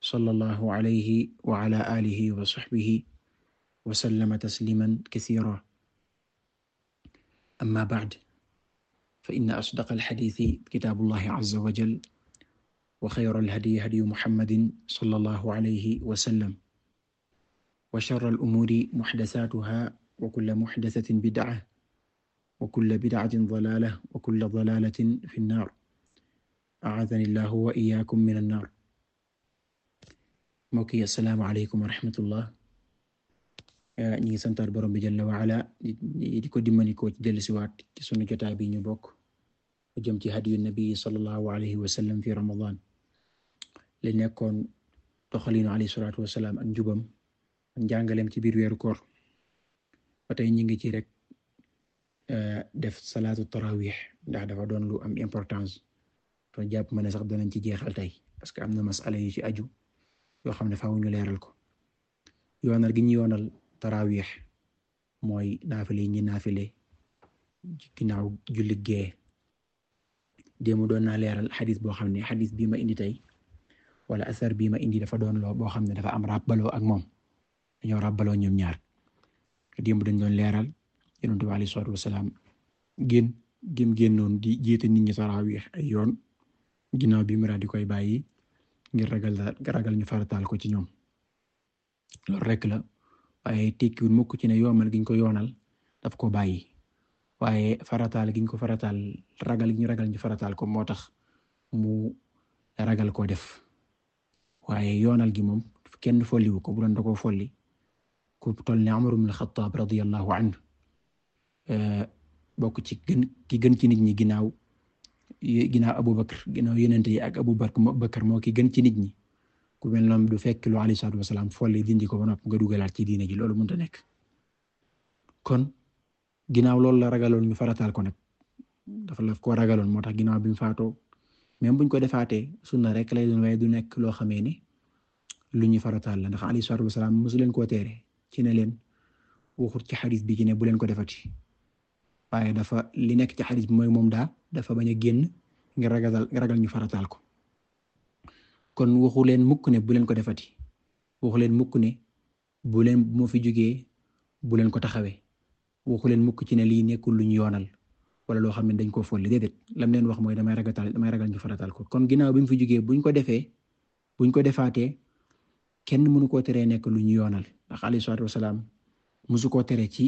sallallahu alayhi wa ala alihi wa sahbihi wa sallama tasliman kathira amma ba'd fa inna asdaqa alhadithi kitabullahi azza wa jal wa khayra alhadyi hadyu muhammadin sallallahu alayhi wa sallam wa sharra al'umuri muhdathatuha wa kulla muhdathatin bid'a wa kulla bid'atin dalalah wa kulla dalalatin fi an-nar a'adhani allahu wa iyyakum min an-nar mbokk yi asalaamaaleykum wa rahmatullah ñu ngi santaat borom bi jalla waala di ko dimbali ko ci dellusiwaat ci sunu jotaay bi ñu bokk jëm ci hadiyu nabi sallallahu alayhi wa sallam fi ramadan li nekkoon doxalinu alayhi salaatu wasalaam ak njubam njàngaleem ci biir weeru koor ba tey ñu ngi ci rek eh, def salaatu tarawih ndax dafa doon lu am importance to jàpp ma ne sax danañ ci jeexal tey parce que am na masala ci aju yoo xam ne faaw leeral ko yoonal gi ñu yoonal taraawix mooy naafile ñi naafile ginnaaw julli gee déemu doon naa leeral xadis boo xam ne xadiis bii ma indi tey wala asar bii ma indi dafa doon loo boo xam ne dafa am ràbbaloo ak moom dañoo ràbbaloo ñoom ñaar déemu dañ doon leeral yonent bi alayhi salaatu wasalaam gén gém génnoon di jiite nit ñi taraawix ay yoon ginnaaw bim mu di koy bàyyi ngir ragal ragal ñu farataal ko ci ñoom loolu rek la waaye tekkiwul mukk ci ne yoonal giñ ko yoonal daf ko bàyyi waaye farataal giñ ko farataal ragal gi ñu ragal ñu farataal ko moo tax mu ragal koo def waaye yoonal gi moom kenn folliwu ko bu doon da koo folli ku toll ne Umar ibn Xattaab radiyallahu anhu eh, bokk ci gën ki gën ci nit ñi ginnaaw ginnaaw Aboubacar ginnaaw yenente yi ak Aboubacar moo ki gën ci nit ñi ku mel noonu du fekk lu alayhi salaatu wasalaam folle dindi ko ba noppi nga dugalaat ci diine ji loolu mënta nekk kon ginnaaw loolu la ragaloon ñu farataal ko nag dafa la ko ragaloon moo tax ginaaw bi faatoo même buñ ko defaatee sunna rek lay doon waaye du nekk loo xamee ni lu ñu farataal la ndax alayhi salaatu wasalaam mosu leen koo teere ci ne leen waxut ci xadis bi ci ne bu leen ko defati waaye dafa li nekk ci xadis bi mooy moom daa dafa bañ a génn ngir ragal ñu farataal ko kon waxu leen mukk ne bu leen ko defati waxu leen mukk ne bu leen moo fi jógee bu leen ko taxawee waxu leen mukk ci ne lii nekkul lu ñu yoonal wala loo xam ne dañ koo folli déedéet lam leen wax mooy damay ragal damay ragal ñu farataal ko kon ginnaaw bi mu fi jógee buñ ko defee buñ ko defaatee kenn mënu koo teree nekk lu ñu yoonal ndax alayhi salaatu wasalaam musu koo tere ci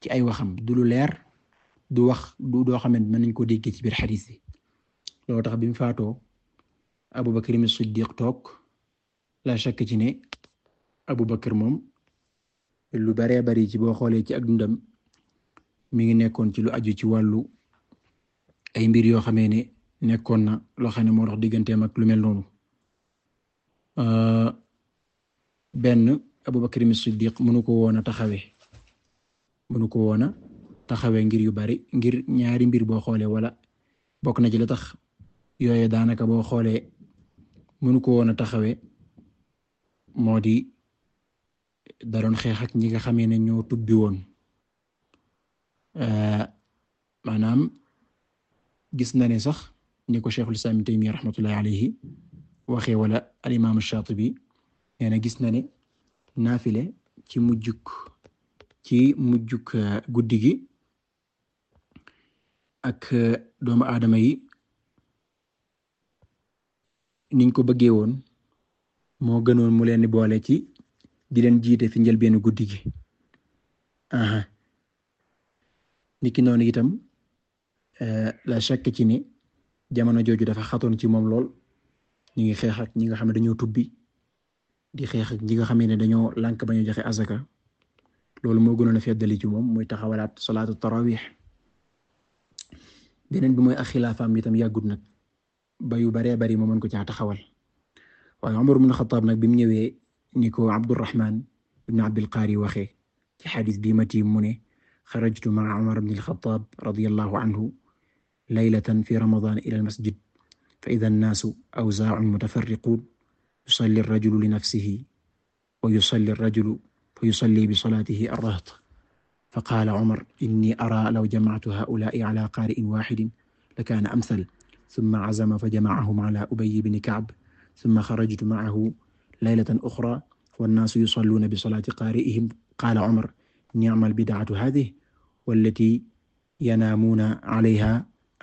ci ay waxam dulu leer du wax du doo xamante mën nañ ko déggee ci biir xadis yi loolu tax bi mu faatoo Abubakar ibn Siddiq toog la shakk ci ne Abubakar moom lu baree bari ci boo xoolee ci agdundam dundam mi ngi nekkoon ci lu aju ci wàllu ay mbir yoo xamee ne nekkoon na loo xam ne moo dox digganteem ak lu mel noonu benn Abubakar ibn Siddiq mënu ko woon a taxawee mënu ko woon taxawee ngir yu bari ngir ñaari mbir boo xoolee wala bokk na ci la tax yooyu daanaka boo xoolee mënu ko woon a taxawee moo di daroon xeex ak ñi nga xamee ne ñoo tubbi woon euh, maanaam gis na ne sax ñi ko Cheikhul Islam Ibn Taymiyya rahmatullahi waxe waxee wala al imam Shaatibi nee gis na ne naafile ci mujjuk ci euh, guddi gi ak eh, doomu aadama yi niñ ko bëggee woon moo gënoon mu leen di boole ci di leen jiite fi njëlbeenu guddi gi aha niki noonu itam eh, la chàkk ci ni jamono jooju dafa xatoon ci moom lool ñu ngi xeex ak ñi nga xam ne dañoo tubbi di xeex ak ñi nga xam ne dañoo lànk ba ñu joxe azaka loolu moo gënoon a feddali ci moom muy taxawalaat salaatu tarawih beneen bi mooy ak xilaafaam itam yàggut nag ba yu baree bari moo mën ko caa taxawal waaye Umar ibn Xattaab nag bi mu ñëwee ni ko Abdurrahman ibn Abdil Qaari waxee ci xadis bii ma tiim mu ne xarajtu maa Umar ibn al-Xattaab radiyallahu anhu laylatan fi ramadan ila al-masjid fa idaa an-naasu awzaa'un mutafarriquun yusalli ar-rajulu li nafsihi wa yusalli ar-rajulu fa yusalli bi salaatihi ar-raht fa qaala Umar inni araa law jamactu haa'ulaa'i alaa qaari'in waaxidin lakaana amsal summa cazama fa jamacahum alaa Ubayyi bni Kacb summa xarajtu macahu laylatan uxraa wannaasu yusalluuna bisalaati qaari'ihim qaala Umar nicmal bidcatu haadihi wallatii yanaamuuna calayhaa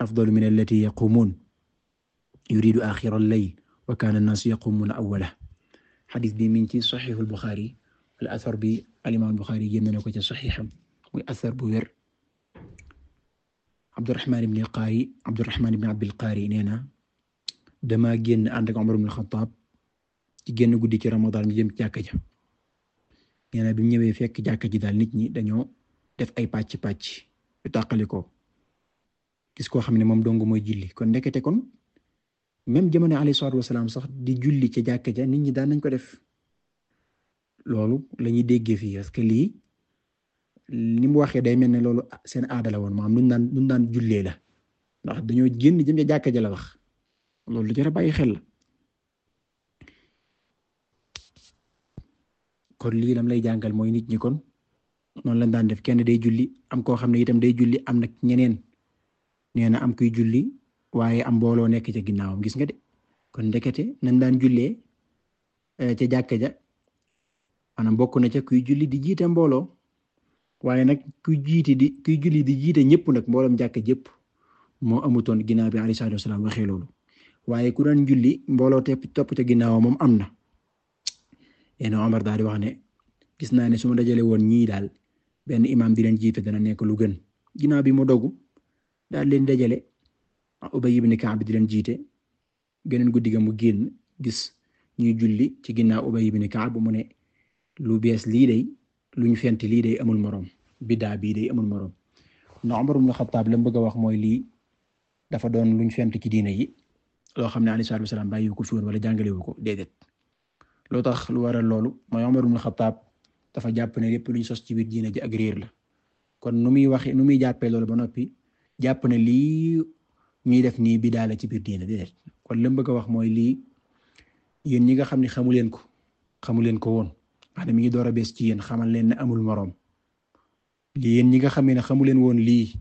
afdalu min allatii yaquumuun yuriidu aaxiral layl wa kaana annaasu yaquumuuna awwalahu xadis bi mi ngi ci saxiixul Buxaari al-asar bi al-imaam al-Buxaari génn na ko ci saxiixam muy asar bu wér Abdurahman ibn Qaari Abdurahman ibn Abdil Qaari nee na dama génn ànd ak Umar ibn Xattaab ci génn guddi ci Ramadan ñu jëm jàkka ja nee na ñëwee fekk jàkka ji daal nit ñi dañoo def ay pàcc pàcc yu tàqalikoo gis koo xam ne moom dong mooy julli kon ndekete kon même jamono alayhi salaatu wasalaam sax di julli ca jàkka nit ñi daal nañ ko def loolu la ñuy déggee fii lii ni mu waxee day mel ne loolu seen aada la woon maanaam luñ daan luñ la ndax dañoo génn jëm ca jàkka ja la wax loolu lu jar a bàyyi xel kon lii lam lay jàngal mooy nit ñi kon noonu lañ daan def kenn day julli am koo xam ne itam day julli am nag ñeneen nee am kuy julli waaye am mbooloo nekk ca ginnaawam gis nga de kon ndekete nañ daan jullee eh, ca jàkka ja maanaam bokk na ca kuy julli di jiite mbooloo. waaye nag kuy jiite di kuy julli di jiite ñëpp nag mbooloom jàkk jëpp moo amutoon ginnaaw bi alayhi salaatu waxee loolu waaye ku doon njuli mbooloo te topp ca ginnaaw moom am na yéen Omar daal di wax ne gis naa ne su ma dajale woon ñii daal benn imaam di leen jiite dana nekk lu gën ginnaaw bi mu dogu daal leen dajale Ubay ibn Ka'b di leen jiite geneen guddi mu génn gis ñuy julli ci ginnaaw Ubay ibn Ka'b mu ne lu bees lii day lu ñu fent lii day amul moroom biddaa bii day amul moroom na Umar ibn Xattaab la mu bëgg a wax mooy lii dafa doon lu ñu fent ci diina yi loo xam ne alayhi salaatu wasalaam bàyyi ko fi woon wala jàngalewu ko déedéet loo tax lu waral loolu mooy Umar ibn Xattaab dafa jàpp ne lépp lu ñu sos ci biir diine ji ak la kon nu muy waxee nu muy jàppee loolu ba noppi jàpp ne lii ñuy def nii biddaa la ci biir diine déedéet kon la mu bëgg a wax mooy lii yéen ñi nga xam ne xamu leen ko xamu leen ko woon. wax mi ngi door a bees ci yéen xamal leen ne amul moroom lii yéen ñi nga xamee ne xamu leen woon lii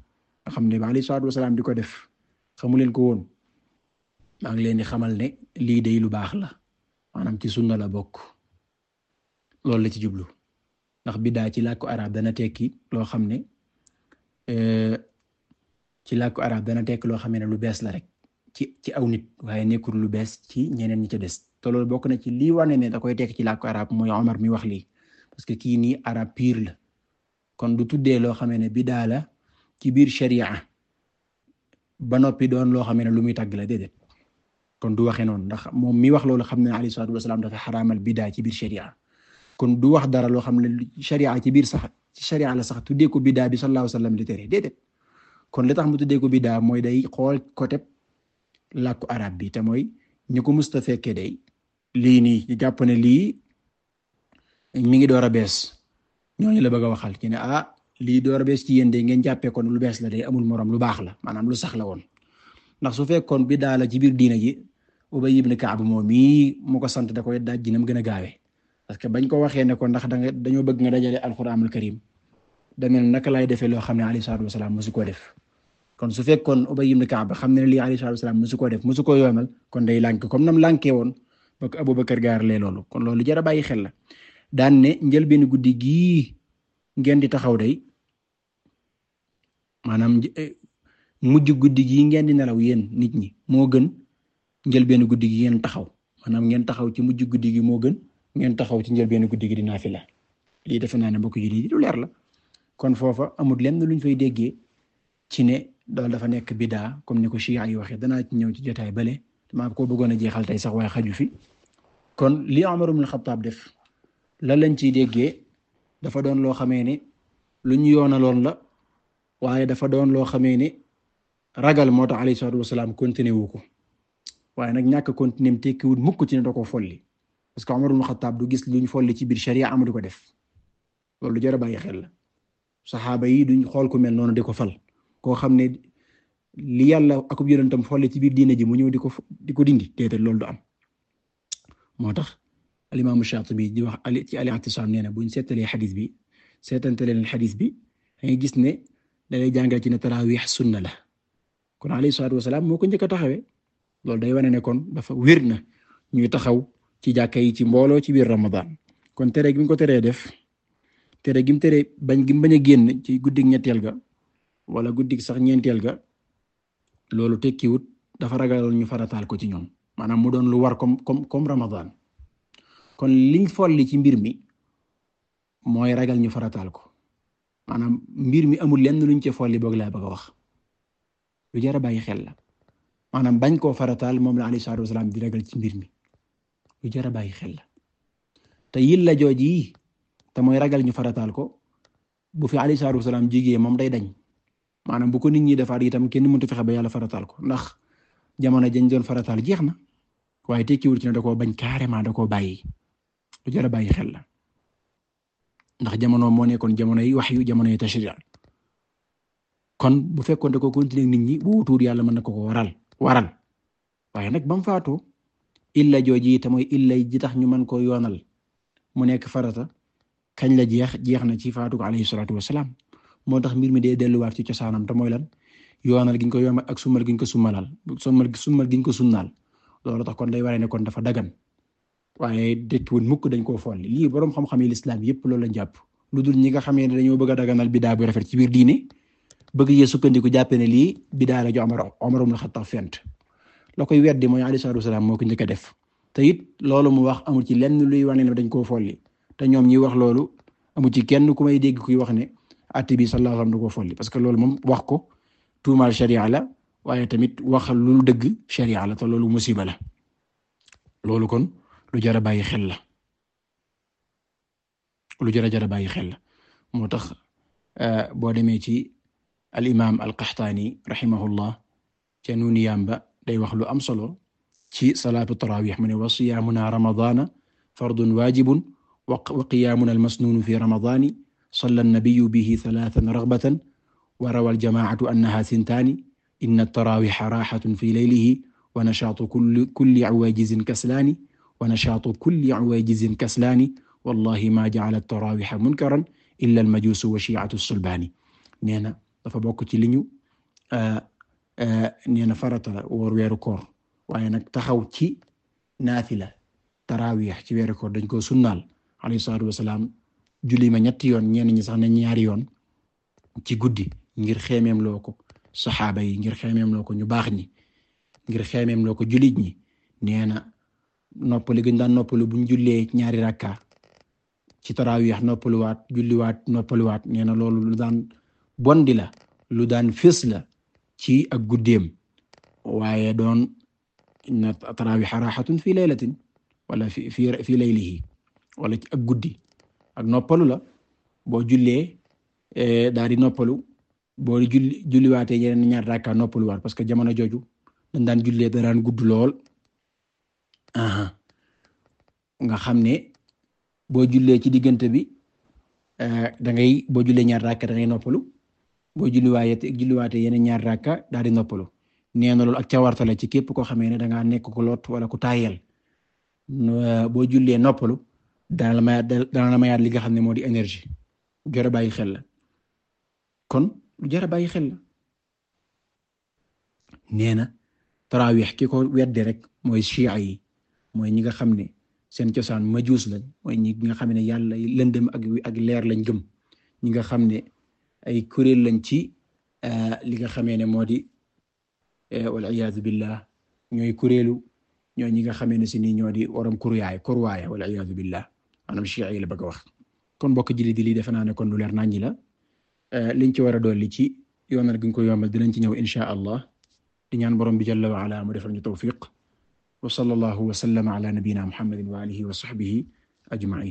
nga xam ne ba alayhi salaatu wasalaam di ko def xamuleen ko woon maa ngi leen di xamal ne lii day lu baax la maanam ci sunna la bokk loolu la ci jublu ndax biddaa ci làkku arab dana tekki loo xam ne euh, ci làkku arab dana tekki loo xam lu bees la rek ci ci aw nit waaye nekkul lu bees ci ñeneen ñi ca des te loolu bokk na ci lii wane ne da koy tekk ci làkku arab mooy Omar mi wax lii parce que kii nii arab pire la kon du tuddee loo xamee ne bidaa la ci biir sharia ba noppi doon loo xamee ne lu muy tàgg la kon du waxee noonu ndax moom mi wax loolu xam ne alayhi salaatu wasalaam dafa xaraamal bidaa ci biir kon du wax dara loo xam ne sharia ci biir sax ci sharia la sax tuddee ko bidaa bi sallallahu alayhi wasallam di tere kon li tax mu tuddee ko bidaa mooy day xool côté làkku arab bi te mooy ñu ko musta day lii nii ñu jàpp ne lii mi ngi door a bees ñooñu la bëgg a waxal ci ne ah lii door a bees ci yéen de ngeen jàppee kon lu bees la de amul morom lu baax la maanaam lu sax la woon ndax su fekkoon bi daala ci biir diina ji Ubay ibn Ka'b moom mii mu ko sant da koy daaj ji na gën a gaawee parce que bañ ko waxee ne ko ndax da nga dañoo bëgg nga dajale alxuraanul karim damel naka laay defee loo xam ne alayhi salaatu wasalaam mosu koo def kon su fekkoon Ubay ibn Ka'b xam ne ne lii alayhi salaatu wasalaam mosu koo def mosu koo yoomal kon day lànk comme nam lànkee woon ba ko Aboubacar gaarlee loolu kon loolu jar a xel la daan ne njëlbeen guddi gii ngeen di taxaw day maanaam eh, mujj guddi gii ngeen di nelaw yéen nit ñi moo gën njëlbeen guddi gi ngeen taxaw maanaam ngeen taxaw ci mujj guddi gi moo gën ngeen taxaw ci njëlbeen guddi gi di naafila lii defe naa ne mbokk yi lu leer la kon foofa amul lenn luñ fay déggee ci ne loolu dafa nekk bidaa comme ni ko Chia yi waxee danaa ñëw ci jotaay bële. maa ko bëggoon a jeexal tey sax waaye xaju fi kon li Umar ibn Xattaab def la lañ ciy déggee dafa doon loo xamee ne lu ñu yoonaloon la waaye dafa doon loo xamee ne ragal moo tax alayhi salaatu wasalaam continué wu ko waaye nag ñàkk continué tekkiwul mukk ci ne da koo folli parce que Umar ibn Xattaab du gis lu ñu folli ci biir sharia amatu ko def loolu jar a xel la saxaaba yi duñ xool ku mel noonu di ko fal xam ne li yàlla akub tam xolli ci biir diine ji mu ñëw di ko di ko dindi déedéet loolu du am moo tax alimaamu Shaatibi di wax ali ci al-I'tisaam nee na buñ seetalee xadis bi seetantalee leen xadis bi dangay gis ne da lay jàngal ci ne taraawix sunna la kon alayhi salaatu wasalaam moo ko njëkk taxawee loolu day wane ne kon dafa wér na ñuy taxaw ci jàkka yi ci mbooloo ci biir Ramadan kon tere gi mu ko teree def tere gi mu teree bañ gi mu bañ génn ci guddig ñetteel ga wala guddig sax ñeenteel ga loolu tekkiwut dafa ragal ñu farataal ko ci ñoom maanaam mu doon lu war kom comme comme Ramadan kon liñ folli ci mbir mi mooy ragal ñu farataal ko maanaam mbir mi amul lenn luñ ci folli boog laa bëgg a wax lu jar a bàyyi xel la maanaam bañ koo farataal moom la alayhi salaatu wasalaam di ragal ci mbir mi lu jar a bàyyi xel la te yil la jooj te mooy ragal ñu farataal ko bu fi alayhi salaatu wasalaam jigee moom day dañ. maanaam bu ko nit ñi defaat itam kenn mënut a fexe ba yàlla farataal ko ndax jamono jañ doon farataal jeex na waaye tekkiwul ci ne bañ carrément da koo bàyyi lu a bàyyi xel la ndax jamono moo nekkoon jamono yi wahyu jamono yi kon bu fekkoon da koo continuer nit ñi bu wutuur yàlla mën na ko ko waral waral waaye nag bam faatoo illa jooji itam mooy illa ji tax ñu mën koo yoonal mu nekk farata kañ la jeex jeex na ci faatu alayhi salaatu salaam moo tax mbir mi de delluwaat ci cosaanam te mooy lan yoonal giñ ko yoonal ak sumal giñ ko sumalal sumal sumal giñ ko sunnaal loolu tax kon day waree ne kon dafa dagan waaye dëkkiwul mukk dañ koo folli lii boroom xam-xam yi lislaam yëpp loolu lañ jàpp lu dul ñi nga xamee ne dañoo bëgg a daganal bidaa bu rafet ci biir diine bëgg yee sukkandiku jàppee ne lii bidaa la ju Omar Omar ibn Khattab fent la koy weddi mooy alayhi salaatu moo ko njëkk a def te it loolu mu wax amul ci lenn luy wane na dañ koo folli te ñoom ñi wax loolu amul ci kenn ku may dégg kuy wax ne atti bi sallallahu alayhi wasallam ko folli parce que loolu moom wax ko tuumaal sharia la waaye tamit waxal lu dëgg sharia la te loolu musiba la kon lu jar a bàyyi xel la lu jar a jar bàyyi xel la moo tax euh, boo demee ci al imaam al qaxtaani ba day wax lu am solo ci salaatu tarawih mu ne wa siyaamunaa ramadaana fardun waajibun wa fi ramadaani salla nabiyu bihi salaatan raghbatan wa rawa aljamaatu annaha sintaani inna at-taraawiha raahatun fi laylihi wa nashaatu kulli kulli awaajizin kaslaani wa nashaatu kulli awaajizin kaslaani wallahi ma ja'ala at-taraawiha munkaran illa al-majuusu wa shi'atu as-sulbaani nee na dafa bokk ci li ñu nee na farata la woor weeru koor waaye nag taxaw ci naafila taraawih ci weeru koor dañ ko sunnaal alayhi salaatu wa salaam julli ma ñetti yoon ñenn ñi sax ne ñaari yoon ci guddi ngir xeemeem loo ko saxaaba yi ngir xeemeem loo ko ñu baax ñi ngir xeemeem loo ko jullit ñi nee na noppali gën daan noppalu buñ jullee ñaari rakka ci taraawih noppaluwaat julliwaat noppaluwaat nee na loolu lu daan bondi la lu daan fés la ci ak guddeem waaye doon na taraawih raaxatun fi laylatin wala fi fi fi laylihi wala ci ak guddi ak noppalu la boo jullee eh, daal di noppalu boo julli julliwaatee yeneen ñaar rakka noppaluwaat parce que jamono jooju dañ daan jullee da daan gudd lool nga xam ne boo jullee ci diggante bi eh, dangay ngay boo jullee ñaar rakka da noppalu boo julliwaatee julliwaatee yeneen ñaar rakka daal di noppalu nee na loolu ak cawarte ci képp koo xamee ne da nekk ku lot wala ku taayel eh, boo jullee noppalu. dana la mayaat dana li nga xam ne moo di énergie lu jar a bàyyi xel la kon lu jar a bàyyi xel la nee na tarawih ki ko wedde rek mooy chia yi mooy ñi nga xam ne seen cosaan majuus lañ mooy ñi nga xam ne yàlla lëndëm ak ak leer lañ gëm ñi nga xam ne ay kuréel lañ ci eh, li nga xamee ne moo di eh, wal iyaadu billah ñooy kuréelu ñoo ñi nga xamee ne si nii ñoo di waram kuryaay kurwaaya wal iyaadu billah maanaam chia yi la ba a wax kon bokk jili di lii defe naa ne kon lu leer naa ñi la eh, liñ ci war a dolli ci yoonal gi ñu ko yombal dinañ ci ñëw insha allah di ñaan borom bi jalla wa ala mu defal ñu tawfiq wa sallallahu wa sallama ala nabiyyina muhammadin wa alihi wa sahbihi ajma'in